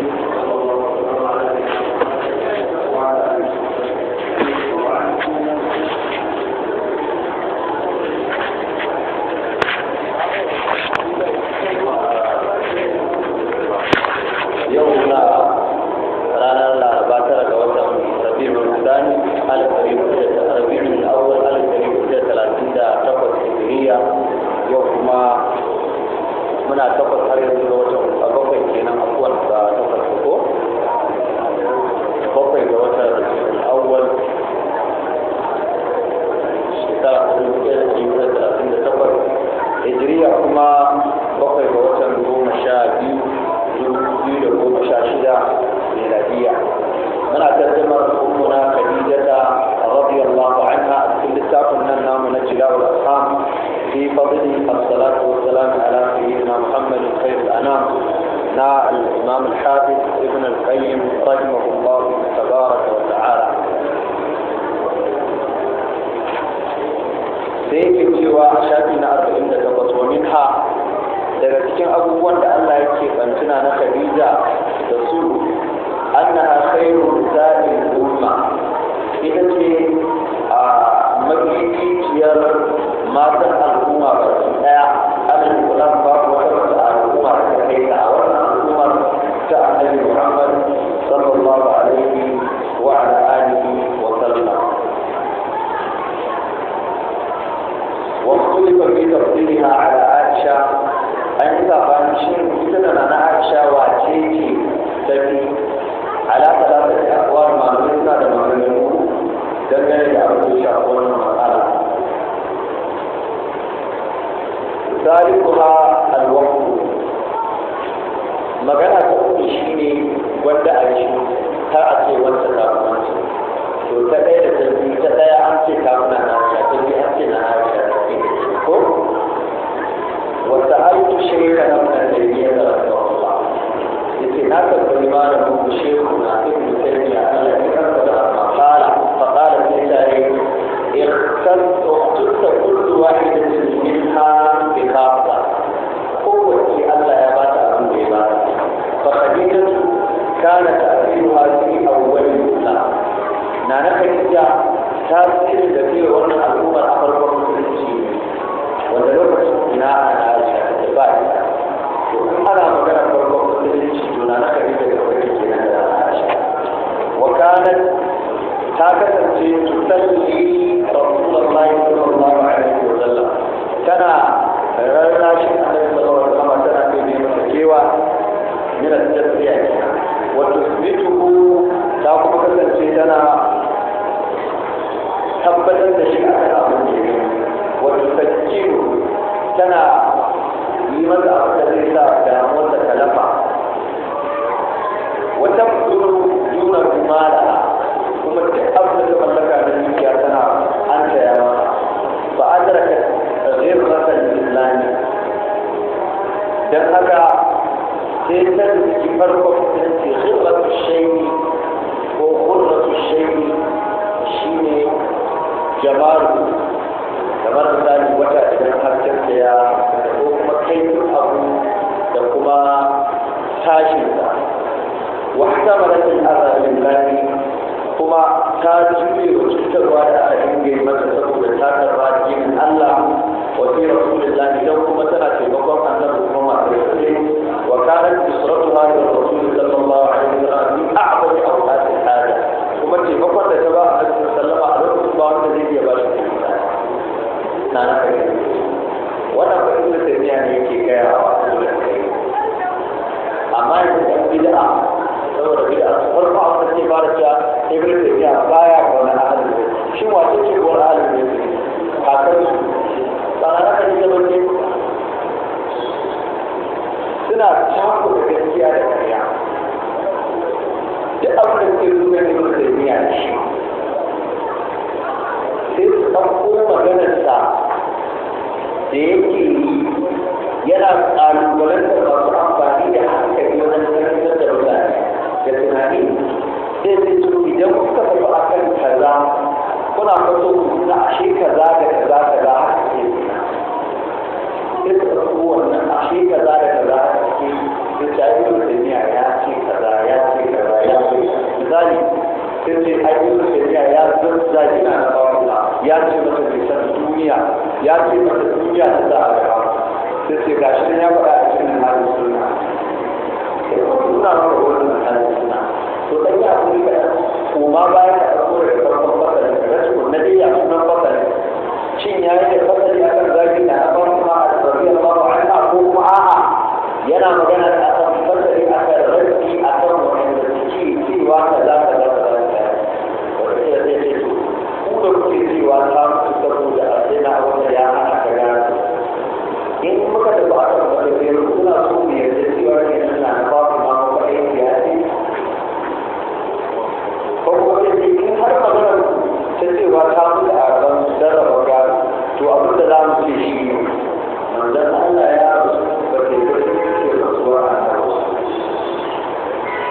you magana ta kuɗi shi ne wanda a shi ta a ce wanda ta kuma to ta ɗaya da ta biyu ta ɗaya an ce ta muna na ta biyu an ce na na ta biyu ko wata aiki shirka na muna da na ta biya da rasuwa yace na ta ta yi yi a tabbai malamin mu shehu na ibn taymiya Allah ya karɓa فقال فقال النسائي اختص اختص كل واحد na na kariya ta tsiri da biyu wannan al'ummar a farkon musulunci wanda lokacin na ana aisha da ba ita to ana magana farkon musulunci to na na kariya da wani ke nan da aisha wakanan ta kasance tusalli rasulullahi sallallahu alaihi da zalla tana rarra shi a alaihi wa kama tana kai ne masa kewa min al su wa tuku ta kuma kasance tana tabbatar da shi a kan abin da ya wato tafkiru tana yi masa abin da zai sa damuwar da talafa wata mutum juna kuma da kuma duk abin da mallaka na dukiya tana an taya masa ba an zaraka ghirratan islami dan haka sai ta duki farko ta ce ghirratu shayni jamaru kamar misali wata idan harkar da ya ko kuma kaifin abu da kuma tashin sa wa hasamaratin azabin lafi kuma ta juye wa cutarwa da aka dinga masa saboda ta karba jinin Allah wa fi rasulillahi dan kuma tana taimakon annabi kuma masu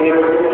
Amen.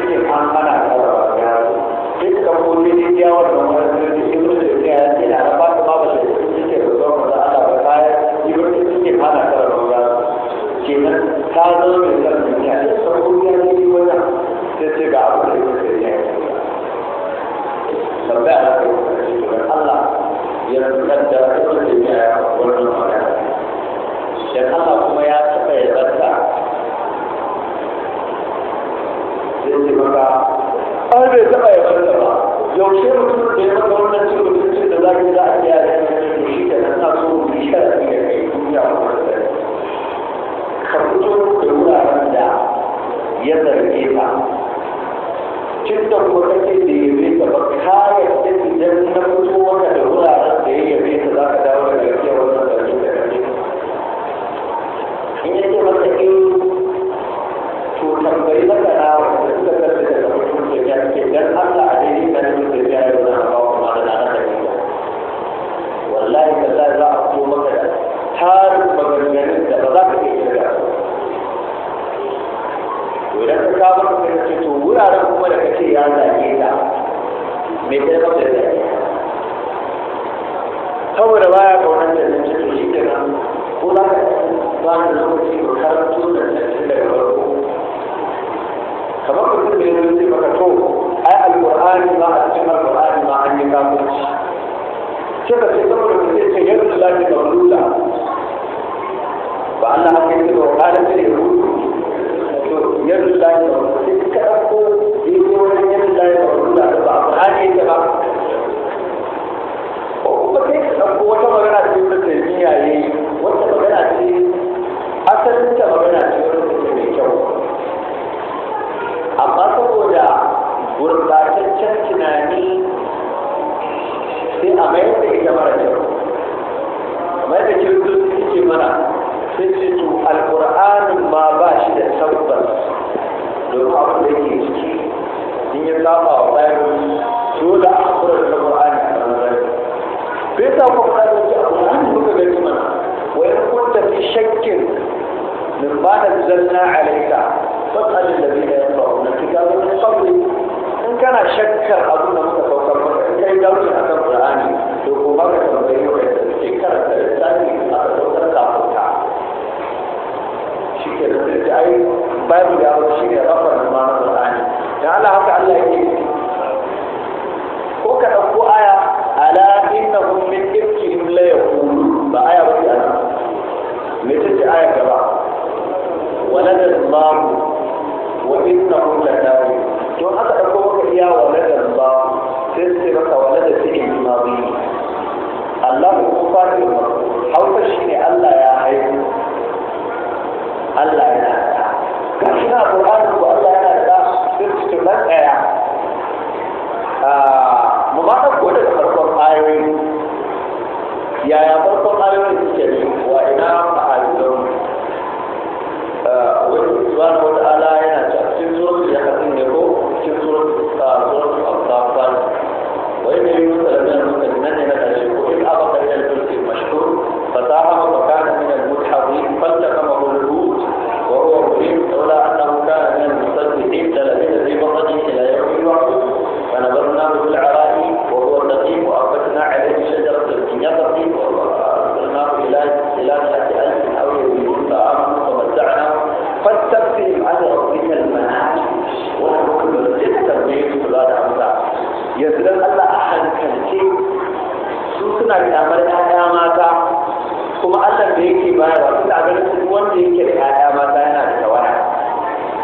baya ba a ga su wanda yake da ƴaƴa mata yana da tawaya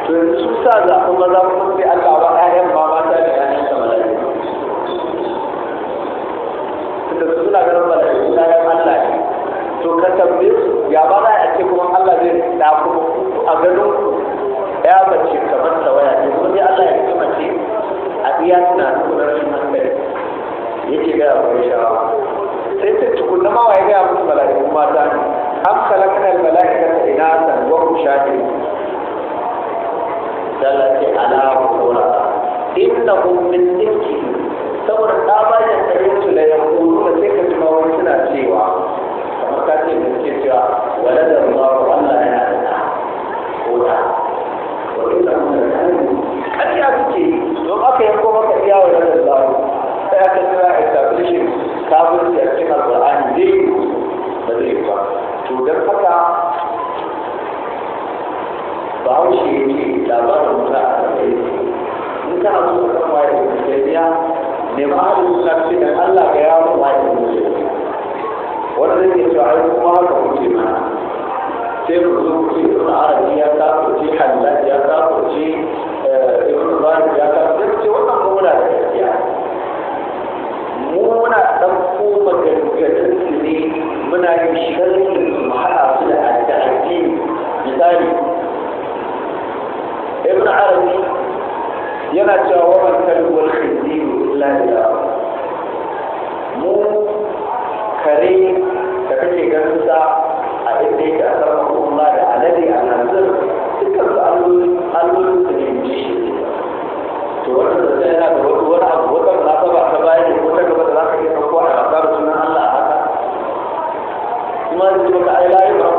to yanzu su sa zaɓi maza kuma sai Allah ba ƴaƴan ba ta da ƴaƴan da su suka suna ganin ta ƴaƴan Allah ne to ka tambaye su ya ba za a ce kuma Allah zai da ku a ganin ku ya mace kamar tawaya ne kuma sai Allah ya ce mace a iya tunanin kuma rashin hankali yake gaya wa shawa sai ta tukunna ma ga ya gaya musu malaiku mata ne أم خلقنا الملائكة إناثا وهم شاهدون ذلك على قبورا إنهم من ذكي ثورة آبا يستمعون لا يقولون ذكر ما وجدنا سيوا فقد ولد الله labarin wuta a kai in kana so ka san waye ibn taymiya ne ma ahli ce da Allah ga yawo waye ibn wanda zai ai kuma haka kuke mana sai mu zo ku ce arabi ya ka ku ce hallaj ya ka ku ce eh, ibn ya ka ku ce wannan kuma da gaskiya mu muna ɗauko maganganun su ne muna yin sharhi mu haɗa su da addini misali ابن عربي يناجاوب الكلب والخنزير لا لا مو كريم كتبت جنسا أبيك أسرق الله على ذي أنا نزل تكر ألوز ألوز تنين جيش تورد السنة تورد وطر ناطب أخبائي وطر وطر ناطب أخبائي وطر وطر ناطب أخبائي وطر وطر ناطب أخبائي وطر وطر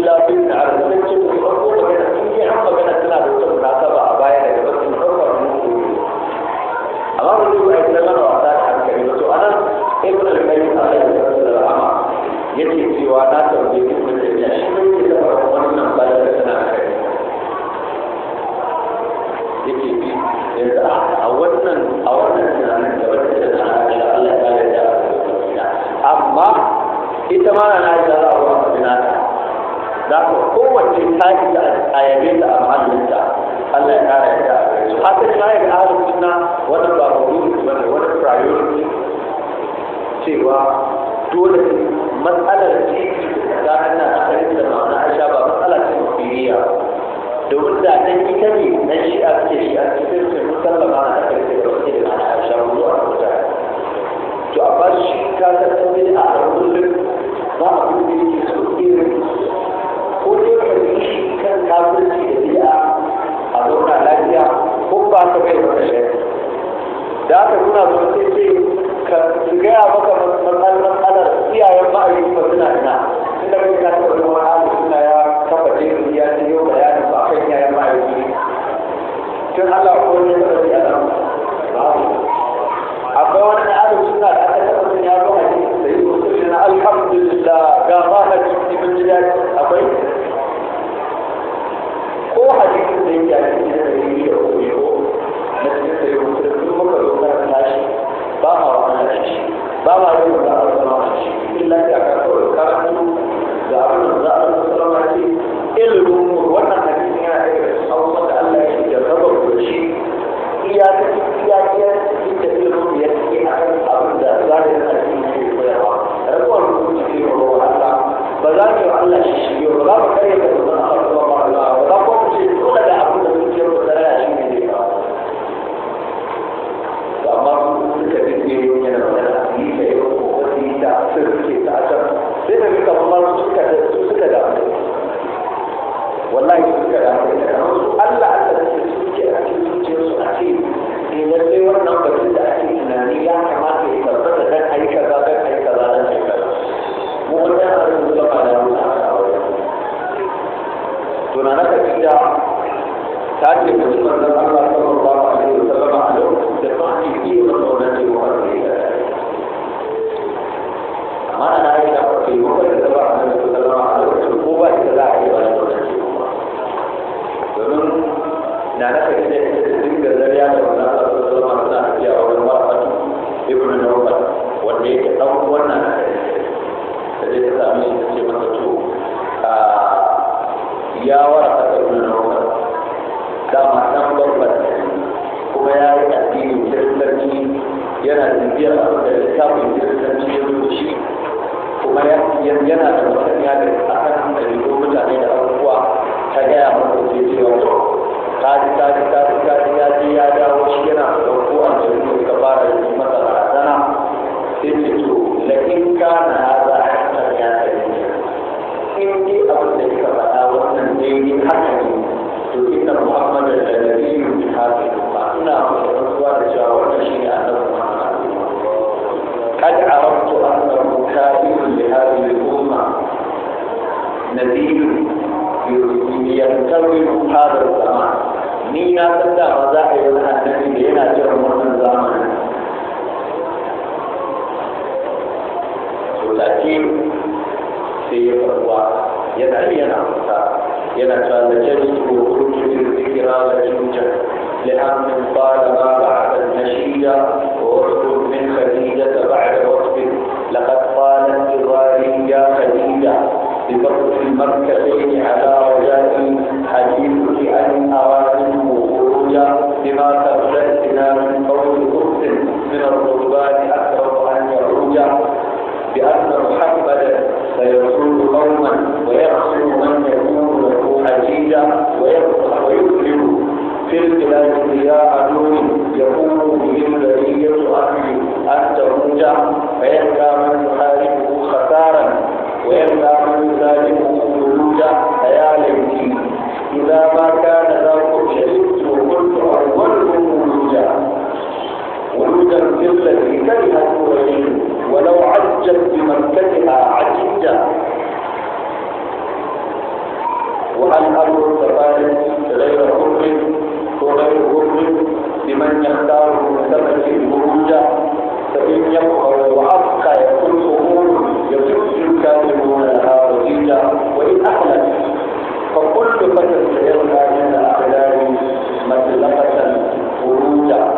ناطب أخبائي وطر وطر ناطب ma na yi zara wa a binata da ka kowace ta yi da a yabe ta a mahallinta Allah ya kara yadda a gare su haka shi ya ga ahalin sunna wannan ba ne wani priority cewa dole ne matsalar titi da ana akarin da ma'ana aisha ba matsala ce mafiliya domin da dan ita ne na shi shi'a suke a cikin su musallama na akarin da wani da ma'ana aisha ruwa a mutane to a ba shi ka sun bi a ba abin da ko dai ka yi kan kafirci da bi'a a zauna lafiya ko ba ka bai wani shari'a da suna sai ka gaya maka matsalar iyayen ma'aikata ba suna da taɓa zama suna ya ya kan a ba akwai wani alif suna ga ba hadisi mun ji akwai ko hadisin da yake a cikin da yi da na cikin da da kuma muka zo na tashi ba ma wannan shi ba ma yin da ba ma shi illa ka ka kawai karatu abin da za a yi sallama ce mu wannan hadisin yana da irin da Allah ya jarraba ku da shi iyakar iyakar da ilimin نذير ينتظر هذا الزمان ni na san da ba za a yi wani annabi da yana jiran wannan zamanin to take sai ya farwa yana yana fita yana cewa da jari ko kurkurin zikira da jinja لأمن قال ما بعد النشيدة وأحكم من خديجة بعد وقت لقد مركزين على رجاء حديثه أن أوانه خروجا بما ترددنا من قول قدس من الرهبان أكثر أن يخرج بأن محمدا سيرسل قوما ويخسر من يكون له حجيجا ويفتح ويكرم في البلاد إلى عدو يكون به البرية أن تخرج فيلقى كره قريش ولو عجت بملكتها عججا وهل أمر التفارق غير غر وغير غر لمن يختار مرتبة الخروج فإن يبقى وأبقى يكون أمور يجوز الكافرون لها وزيجا وإن أحلت فكل فتى سيرها من أخلاق مطلقة خروجا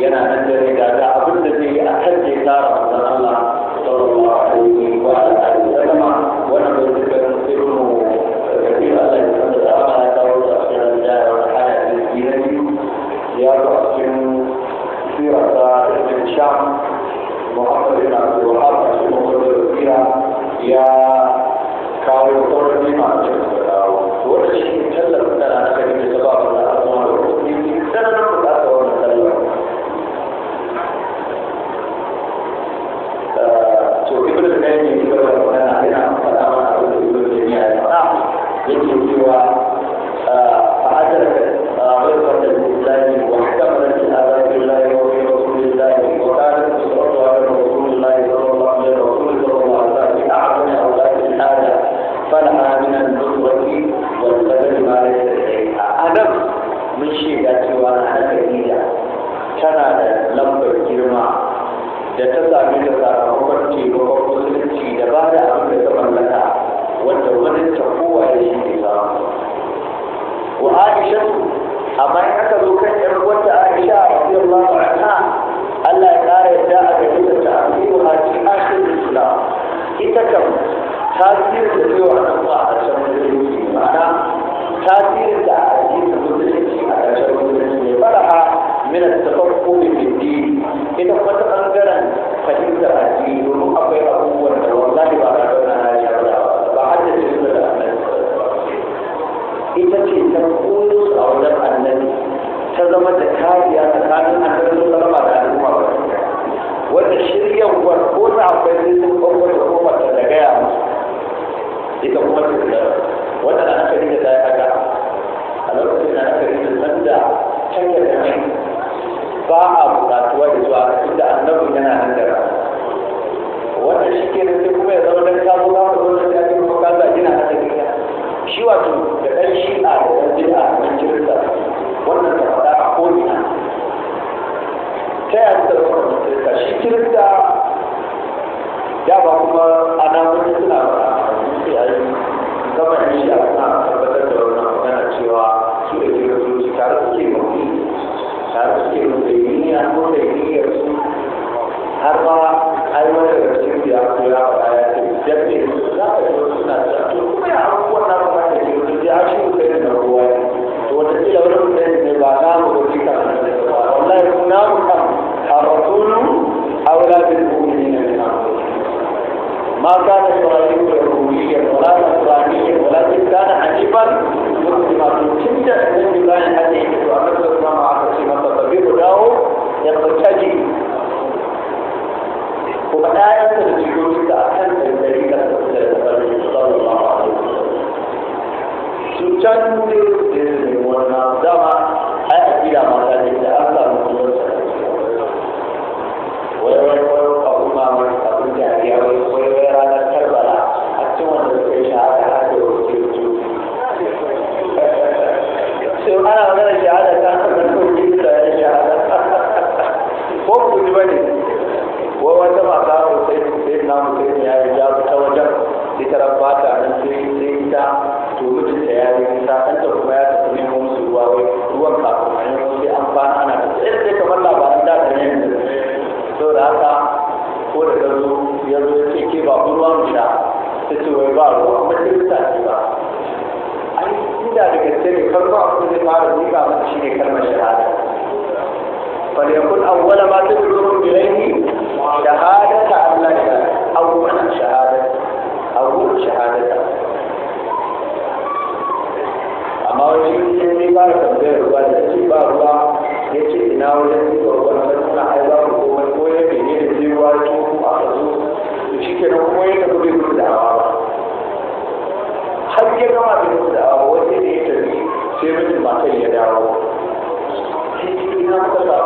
yana nan da ne ga abin da zai yi a kan da ya tara manzon Allah sallallahu alaihi wa alihi wa sallam wannan da suka musulmu da ke Allah ya san da amma ya kawo da shirin da haya da gidanci ya zo a cikin sirata da Sham Muhammad bin Abdul wato da ɗan shi'a da ɗan bid'a da ɗan kirista wannan ta faɗa a ko'ina ta yaya suka zama kirista shi kirista ya ba kuma ما كان يراجعه الربوبية ولا نصرانية ولكن كان حنيفا مسلما جدا من الله الحديث وأمد الإمام عبد الرحمن فبيه له يقتدي وبداية الجلوس تأكل من ذلك صلى الله عليه وسلم تجنب faruwa mace mutane ba an inda da gaske ne farko abin da zai fara miƙa masa shi ne kalmar shahada فليكن أول ما تدعوهم إليه شهادة أن لا إله أول شهادة أول شهادة amma wani sai ne ba da tambayar ruwa da ce ba ruwa ya ce ina wajen zuwa wani suna ai ba Deus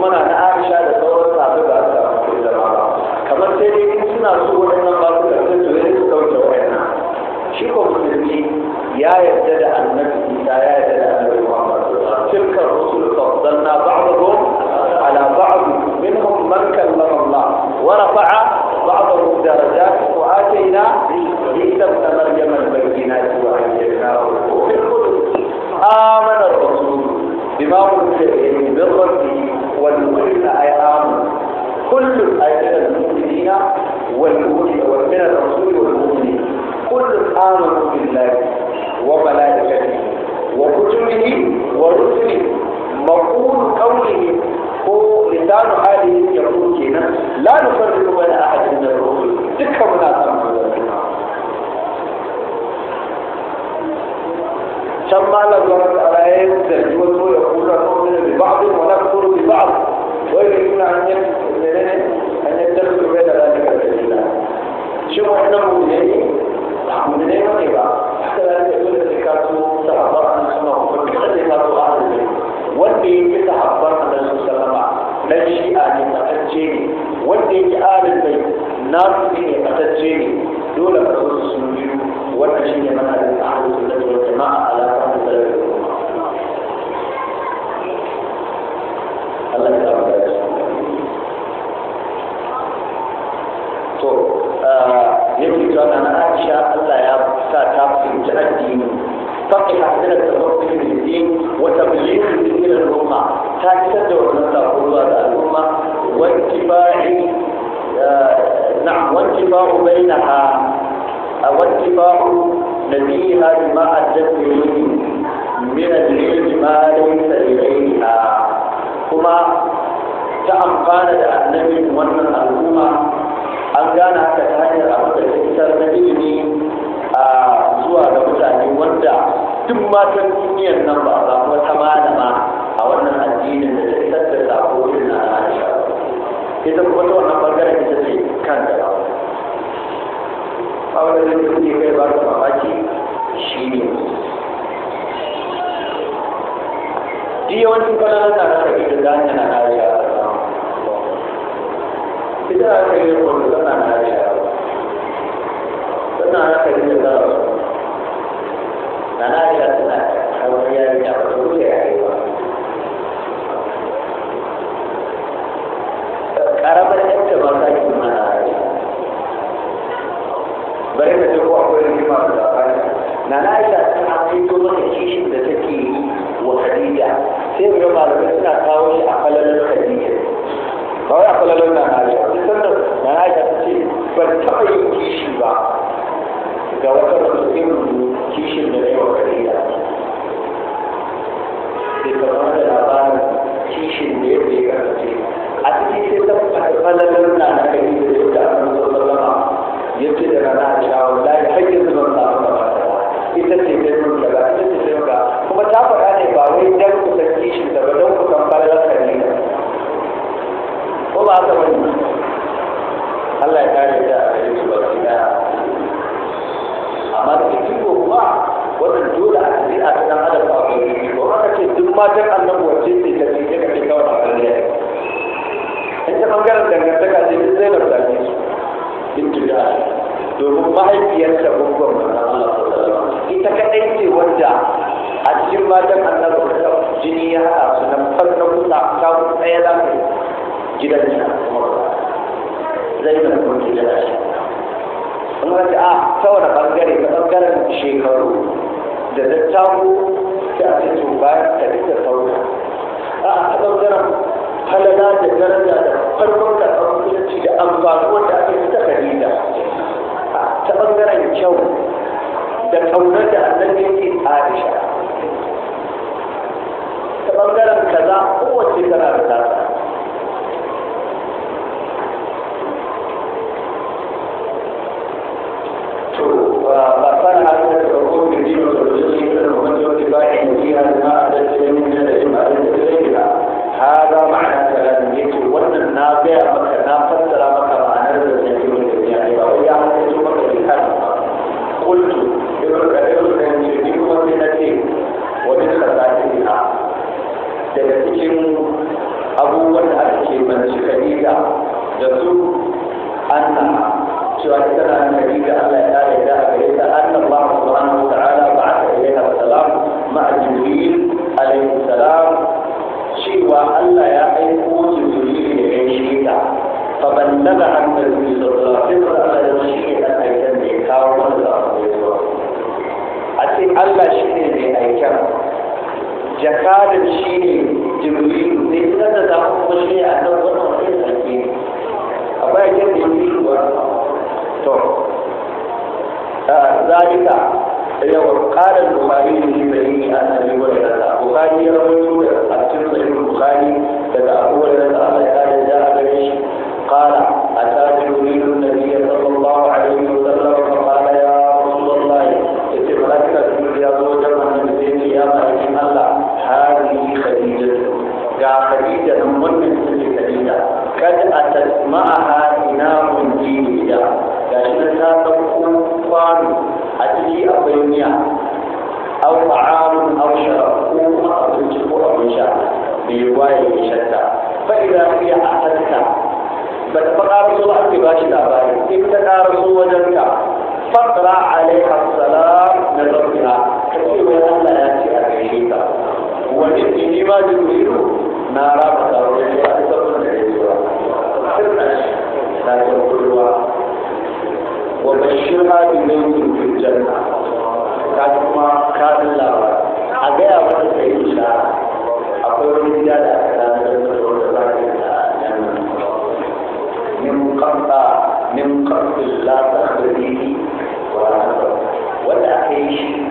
kuma na na aisha da sauran sabu da aka rafu da ba kamar sai dai in suna so waɗannan ba su karɓi su yi su kauce waɗannan shi ko musulmi ya yarda da annabi isa ya yarda da annabi muhammad tilkar rusul faddalna ba'dahum ala ba'd minhum man kallama allah wa rafa'a ba'dahum darajat wa atayna isa ibn maryam al-bayyinati wa ayyadnahu bil qudus amana الرسول بما أنزل إليه من ربه والمؤمنين أي آمن كل الآيات المؤمنين والمؤمنين ومن الرسول والمؤمنين كل آمن بالله وملائكته وكتبه ورسله مقول كونه هو لسان حاله يقول كنا لا نفرق بين أحد من الرسل ذكرنا ثم لا الله عليه تجوزه يقول المؤمن ببعض ولا البعض ويريدون أن أن يتخذوا بين ذلك سبيلا شو إحنا موجودين عملنا ما يبقى حتى لا تقول لك كاتو تعبر عن السنة وكل كاتو أهل البيت والبيت يتعبر عن السنة na shi'a ne matacce ne البيت yake alin bai na su ne matacce ne dole ka so su biyu wannan shi to yake cewa na Aisha Allah ya sa ta fahimci addini فقه حسنة التفقه في الدين وتبليغ الدين إلى الأمة تأكد ونسى قلوة الأمة نبيها بما أدت من العلم ما ليس إليها kuma ta amfana da annabin wannan al'umma an gane haka ta hanyar abin da na ilimi a zuwa ga mutane wanda duk matan duniyar nan ba a wata ma a wannan addinin da fitar da sako na Aisha ita kuma ta wannan bangaren ita ce kan da ba wanda zai kuke kai ba ka mamaki shi ne duk yawancin kwanan tare da tana haka ne ko tana na tana haka ne da 王力から歌た wani in yi ma da duniya na raba tsaron ya ta saman da ya zuwa sirna shi na jan kurwa wa bashir ma bi ne yin firjan ka kuma ka lallawa a gaya wani ta yi shara akwai wani gida da aka ranar da wanda za ta yi a nan min kamta min kamfin lasa gari wa wanda aka yi shi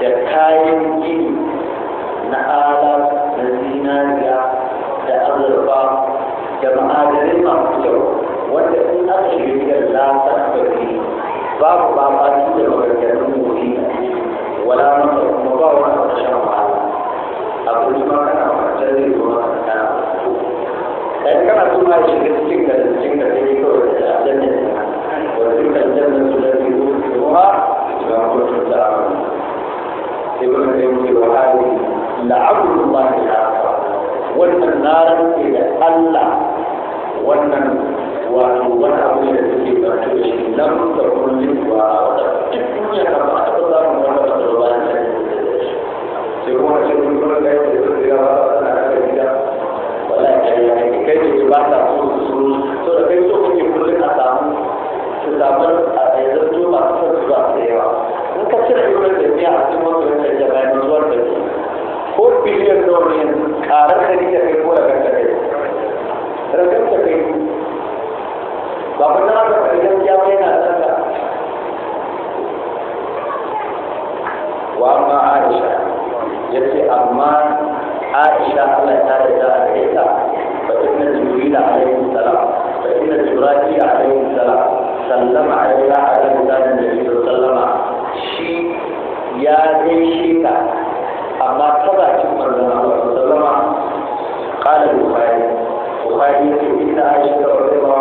da kayan gini na adam da zinariya da azurfa da ma'adanai masu kyau wanda in aka shiga gidan lasar gari babu ba fasu da magargarin gobe wala masa kuma ba wani ƙarshen wahala abu ne ma kana kwanciyar zai zo maka kana dan kana so ma shiga cikin garin cikin garin ne kawai da aljanna وتلك الجنة التي أورثتموها بما كنتم تعملون ابن القيم وهذه la'abdullahi al'akbar wannan naran ke da Allah wannan wato wani abu da suke karatu da shi lam da kullum ba wata duk duniya ta ba ta ba mu wanda ba ta ba ta kuma ce kun kuma kai da su da ba ta da kai da wallahi kai ya kai ne ba ta so su so da kai so kuke kullum a samu su samu a yanzu ba su ba da yawa in ka cire ibn da ne a cikin wannan billion dollars a ran da kike kai ko da kanta kai rakan ta kai ba mun na da idan ya mai na tsaka wa amma Aisha yace amma Aisha Allah ta yarda da ita fa inna Jibril alaihi salam fa inna Jibril alaihi salam sallama alaiha alaihi salam da Jibril sallama shi ya gaishe ta amma ta bakin manzon Allah zama qala bukhari bukhari ya ce inna aisha radhiyallahu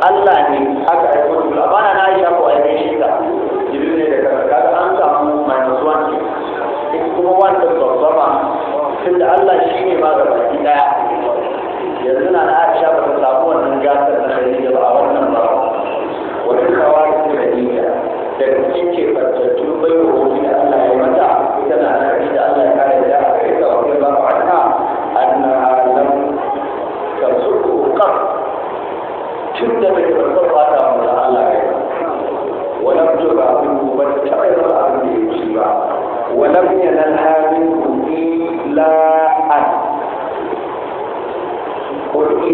Allah ne aka aiko su ba na na aisha ko aiki shi da jibril ne da kansa kaga an samu mai one ne in kuma wanda babba ba tunda Allah shi ne ma ga baki daya yanzu na na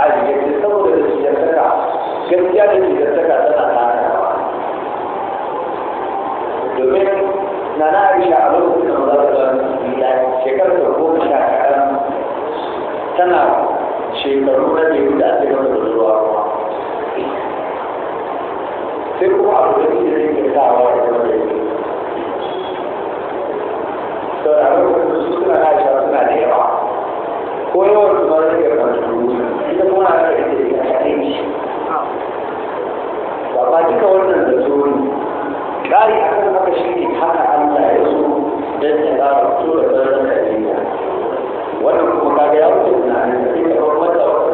ƙari ya ce saboda da shigantaka gaskiya da shigantaka tana tana domin na na aisha a lokacin da za ta da shekarar da goma sha kaɗan tana shekaru na biyu da ake gaba da zuwa ruwa sai kuma abu da ke da ke sawa da kuma da ke sauraron da su suna na da suna da yawa ko yawan su mara da karatu ita kuma a rarra ita da kaɗai shi ba ba duka wannan da so ne ƙari a kan haka shi ne haka Allah ya so don ta zara so da zarar kariya wannan kuma kaga ya wuce tunanin da ke kaɓar mata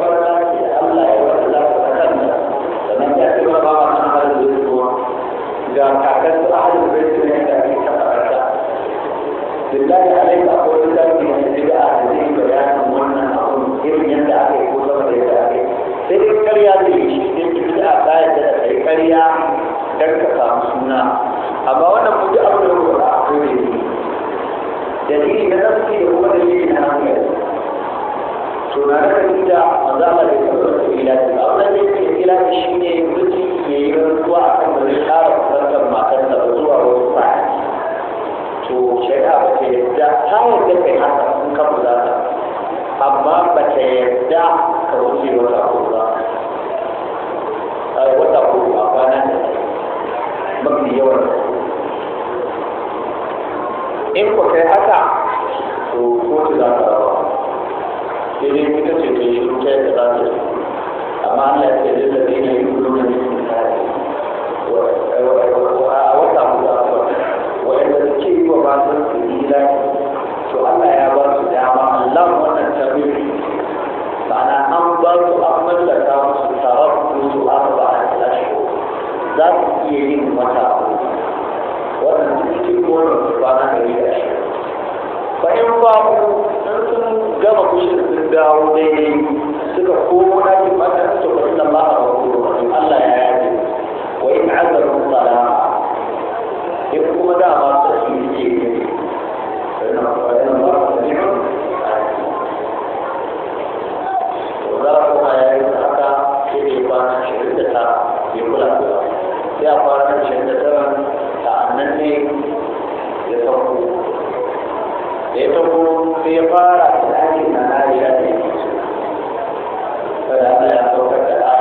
Allah ya saukar da da da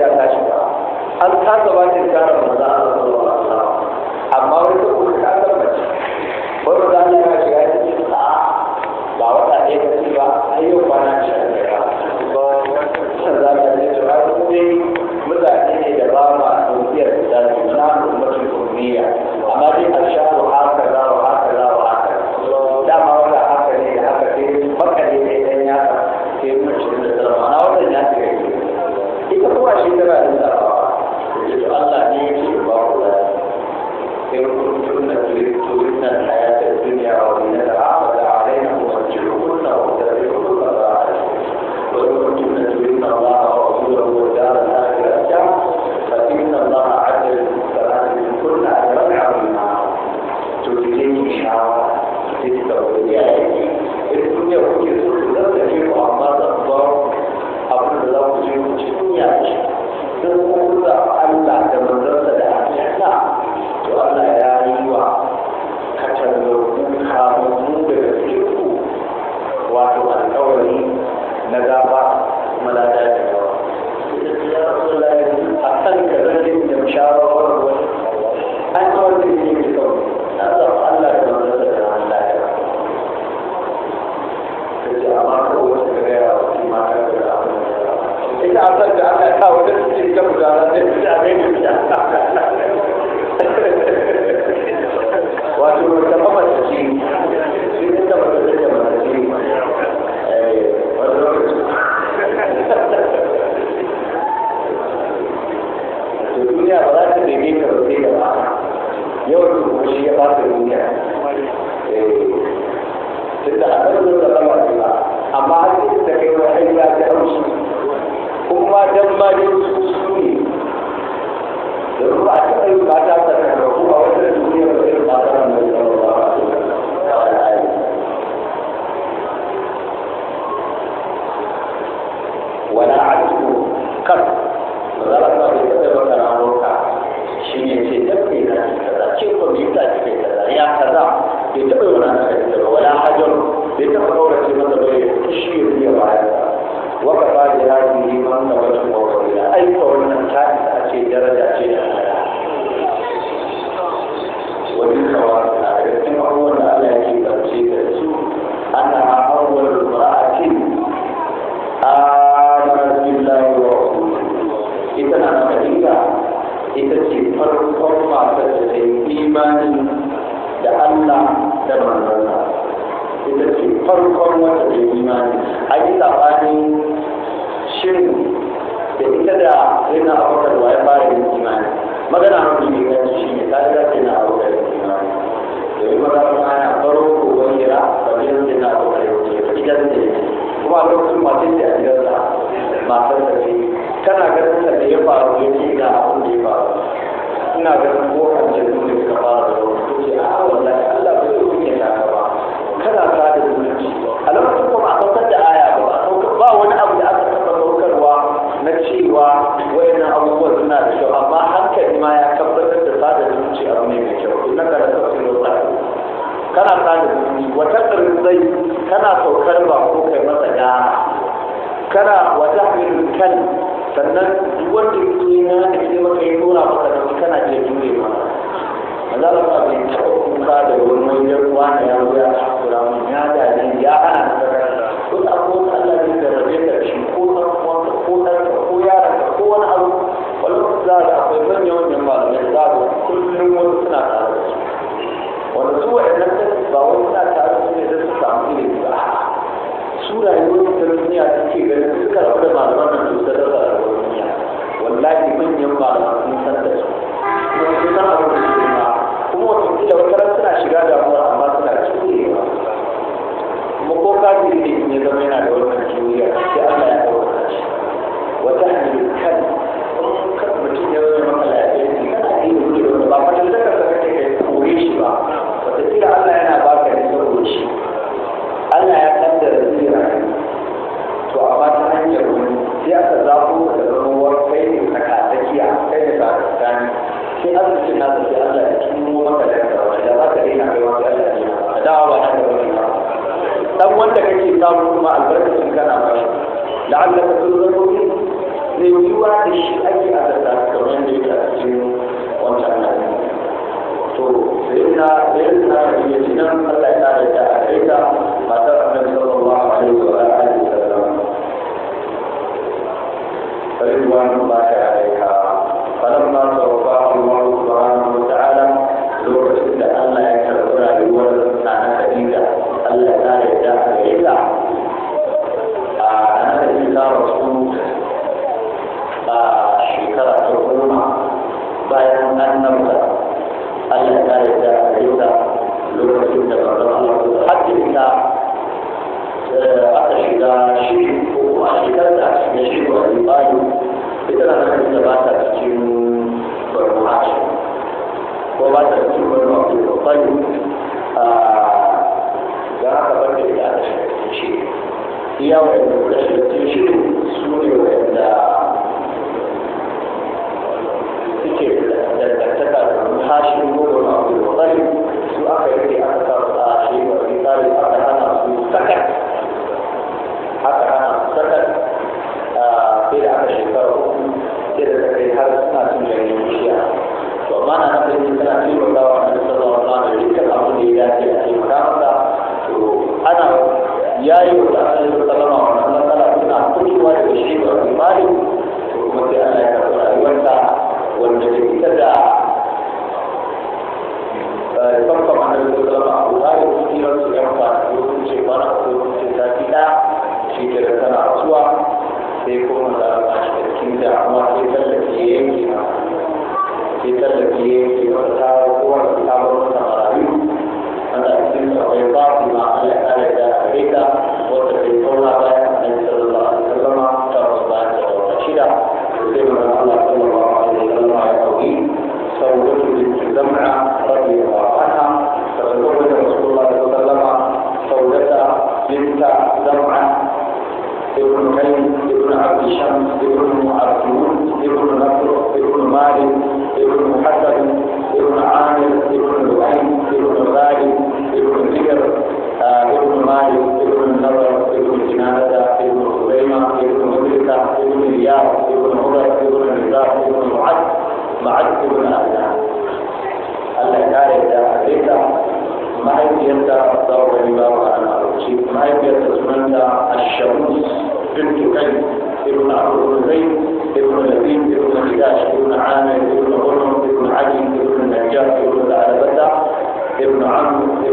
ya tashi ba an amma wani tunda annabi sallallahu alaihi amma hadisin da kai wai ya kuma dan ma dai su ne da ruwa ta kai mata ta magana mafi inganci shi ne ta yi sai na da juna domin magana ana baro kogon jira ba zai zai na abokan da gidan da ya kuma a lokacin masu da a gidansa masu da ce kana ganin da ya faru ya ce ga abin da ya faru ina ganin ko kan jirgin da suka fara da kana da zuci wata zai kana saukar ba ko kai masa gara kana wata kan sannan duk wanda yake na da ke maka yi nuna maka da kana iya jure ma. Maza da ba bai taɓa kuka da wani wajen wani ya zo yeah, wa'anda guda da ta shi su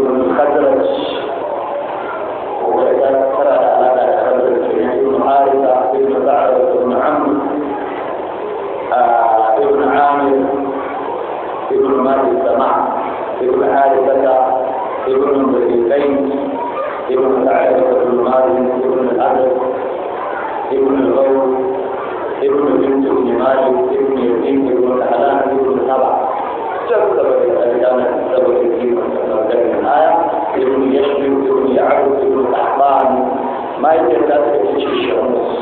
الخزرج وإذا ترى هذا الخزرج ابن حارثة ابن بعد ابن عمرو ابن عامر ابن مالك معه ابن حارثة ابن المدركين ابن سعد ابن مالك ابن الأسد ابن الغور ابن بنت ابن مالك ابن يزيد ابن الحلال ابن سبع جرب الأيام السبع الدين الآية يقول يشفي يقول يعرف يقول الأحضان ما يقدر ذلك يشفي الشمس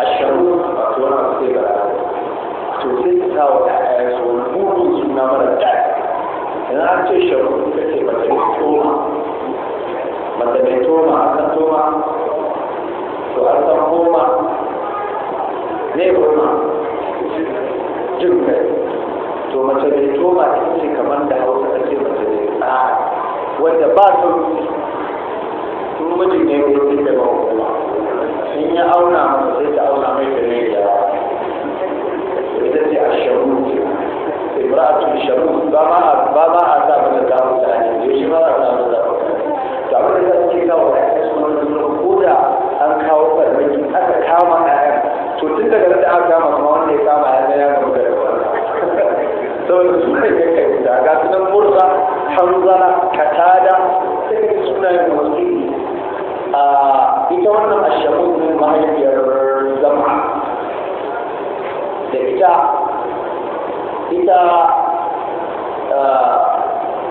الشمس أتوانا كثيرا توزيت تاوى الآية والمؤمن سنة من الدعم إن أنت الشمس كثيرا تلتوما ما تلتوما أنتوما وأنتوما ليه هنا جمله to mace mai toma ita ce kamar da hausa ake mace mai tsa wadda ba ta in mijin ne ko yi da mahukuma in ya auna masa sai ta auna mai da mai da ita ce a sharu imra'atul sharu ba ma a ba ma a sa mata ta mutane ne shi ba a sa mata ta mutane to abin da take kawo da ake sunan sunan ko da an kawo farmaki aka kama ɗayan to tun daga da aka kama kuma wanda ya kama ya ya ga magana sauran sunan ya kai da ga sunan murza hanzala katada sai ka sunayen masu a ita wannan ashabun ne mahaifiyar zama da ita ita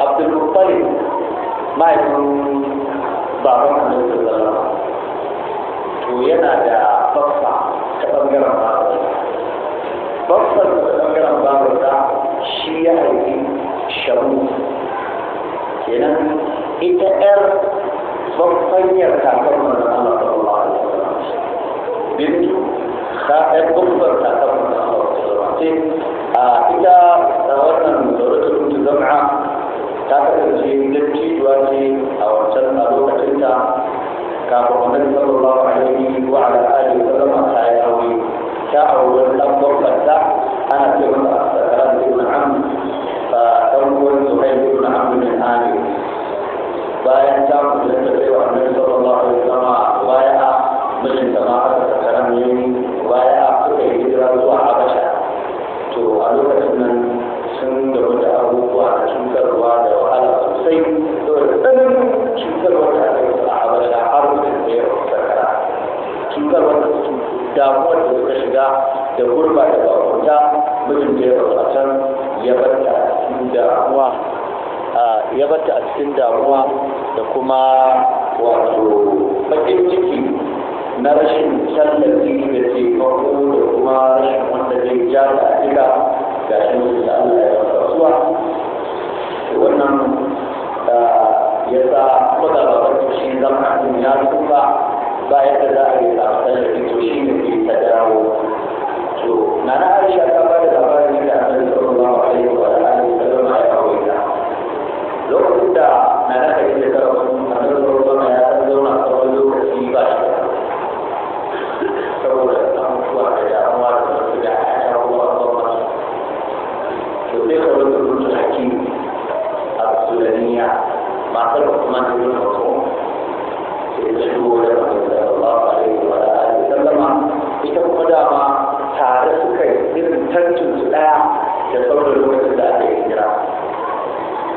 abdulmuttalib mahaifin baban annabi sallallahu to yana da baffa ta bangaren babu baffa ta bangaren babu da ita yar babban yarda ta manzon Allah sallallahu alaihi wasallam bintu ta yar babban su ɗaya da sauran lokacin da aka yi hijira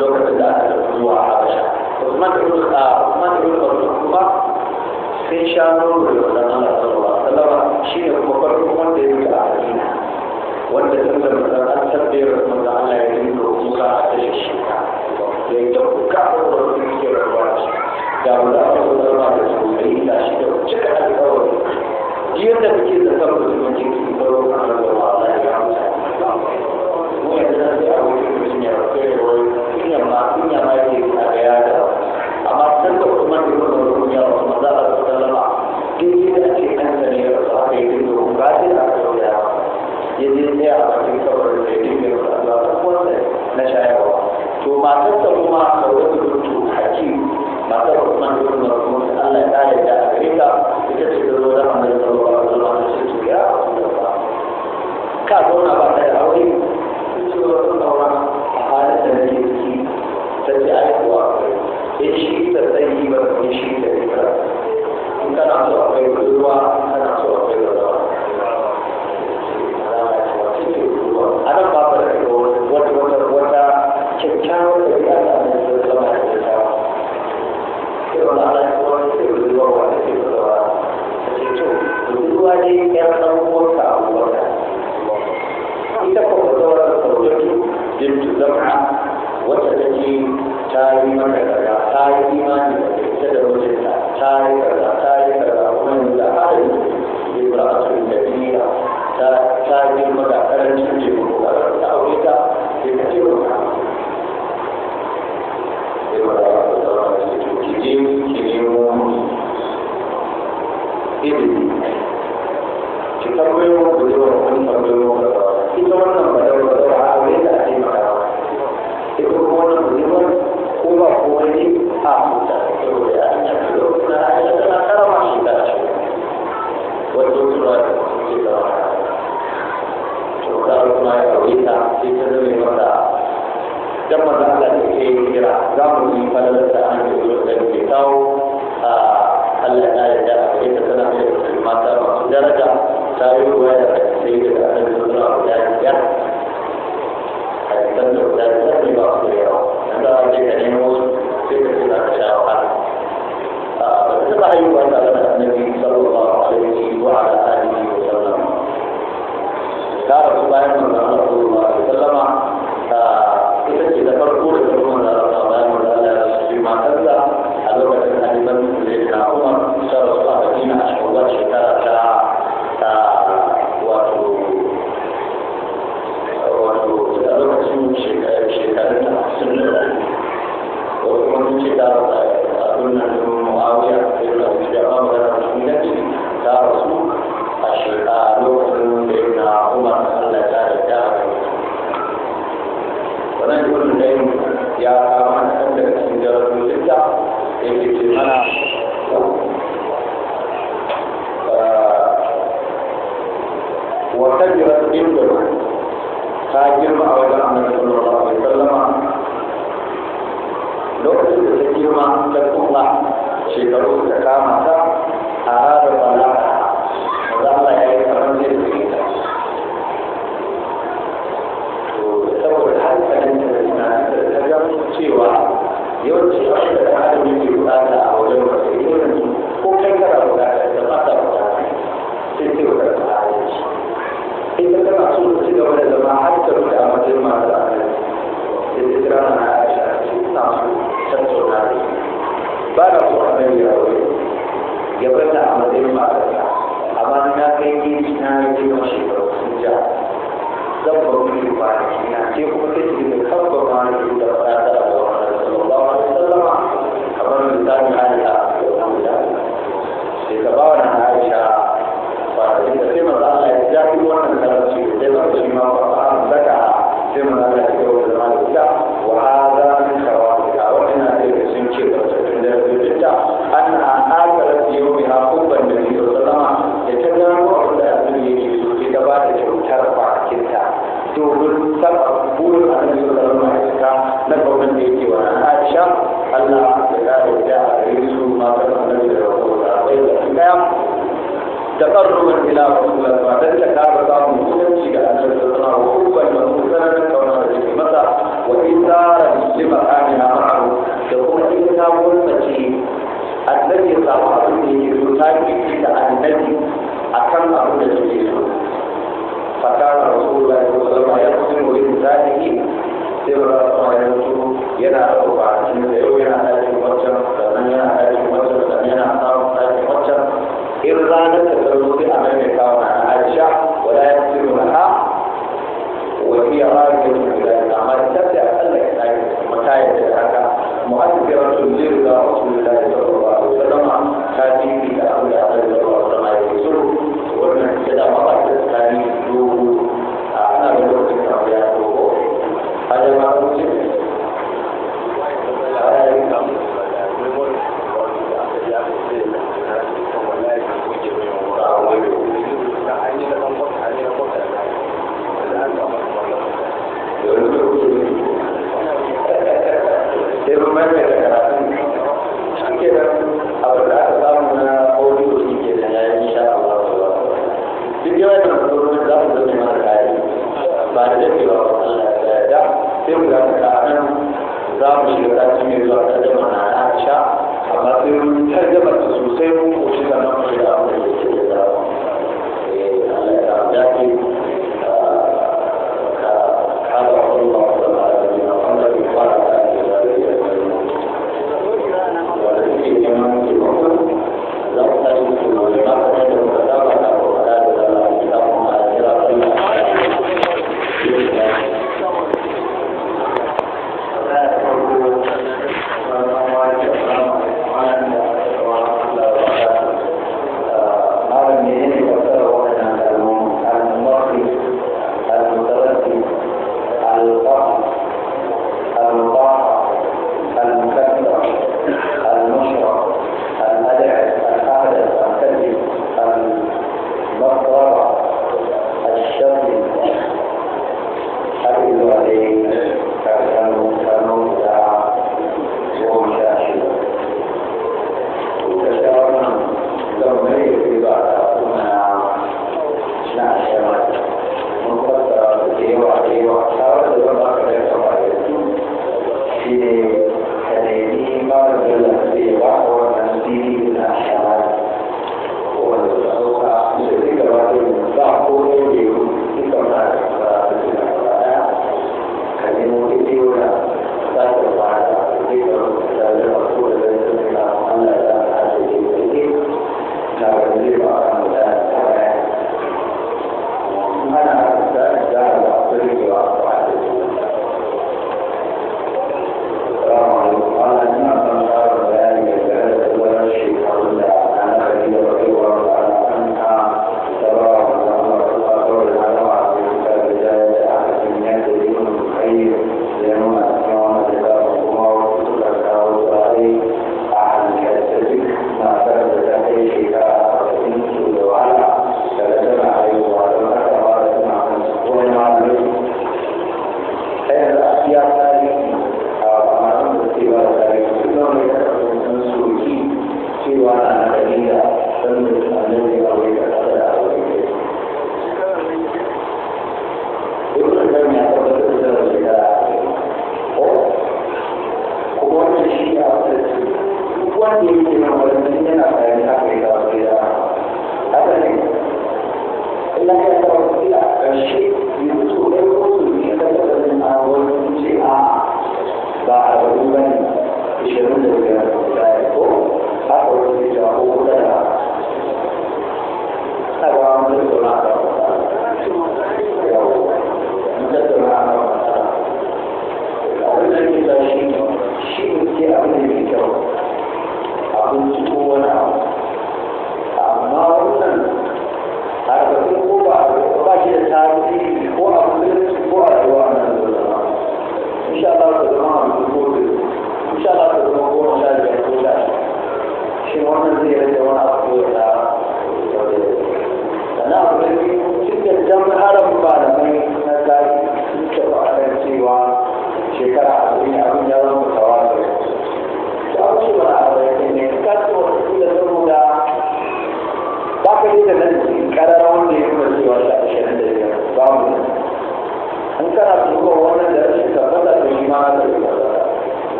lokacin da aka tafi zuwa habasha usman ibn usman ibn mas'ud kuma sai sha nono da wannan Allah sallallahu alaihi wasallam shine kuma farko wanda ya yi a Madina wanda tun da manzon an tabbiyar manzon Allah ya yi kuka a tashin shi ya yi ta kuka a wurin da yake rabuwa da wanda aka zama da su da yi da shi da cika alƙawari yadda kake da kan mutum yake kuma roƙon Allah ya amsa ka zauna ba على الرحمن ba na so a mai yawon ya bata a matsayin matarsa amma na kai ne na yi yawan shekaru sun ja zan ba mu yi kwanaki na ce kuma ta ce da kan ba ma yi da fara da wani sallallahu alaihi wasallam kamar misali na da sai ka ba تقربا الى الله بعدك تعالى تعالى مسلم شيء ان تصنع وقوفا ومسلما كونا رجل مطا وإثارا لمحامنا معه تقول إنا ملمتي الذي صاحبني يتاكي فيك عن النبي أكم أقول الجليل فكان رسول الله صلى الله عليه وسلم يقسم yana da yana da yana da yana da yana da yana da yana da yana da yana da yana da yana da yana da yana da yana da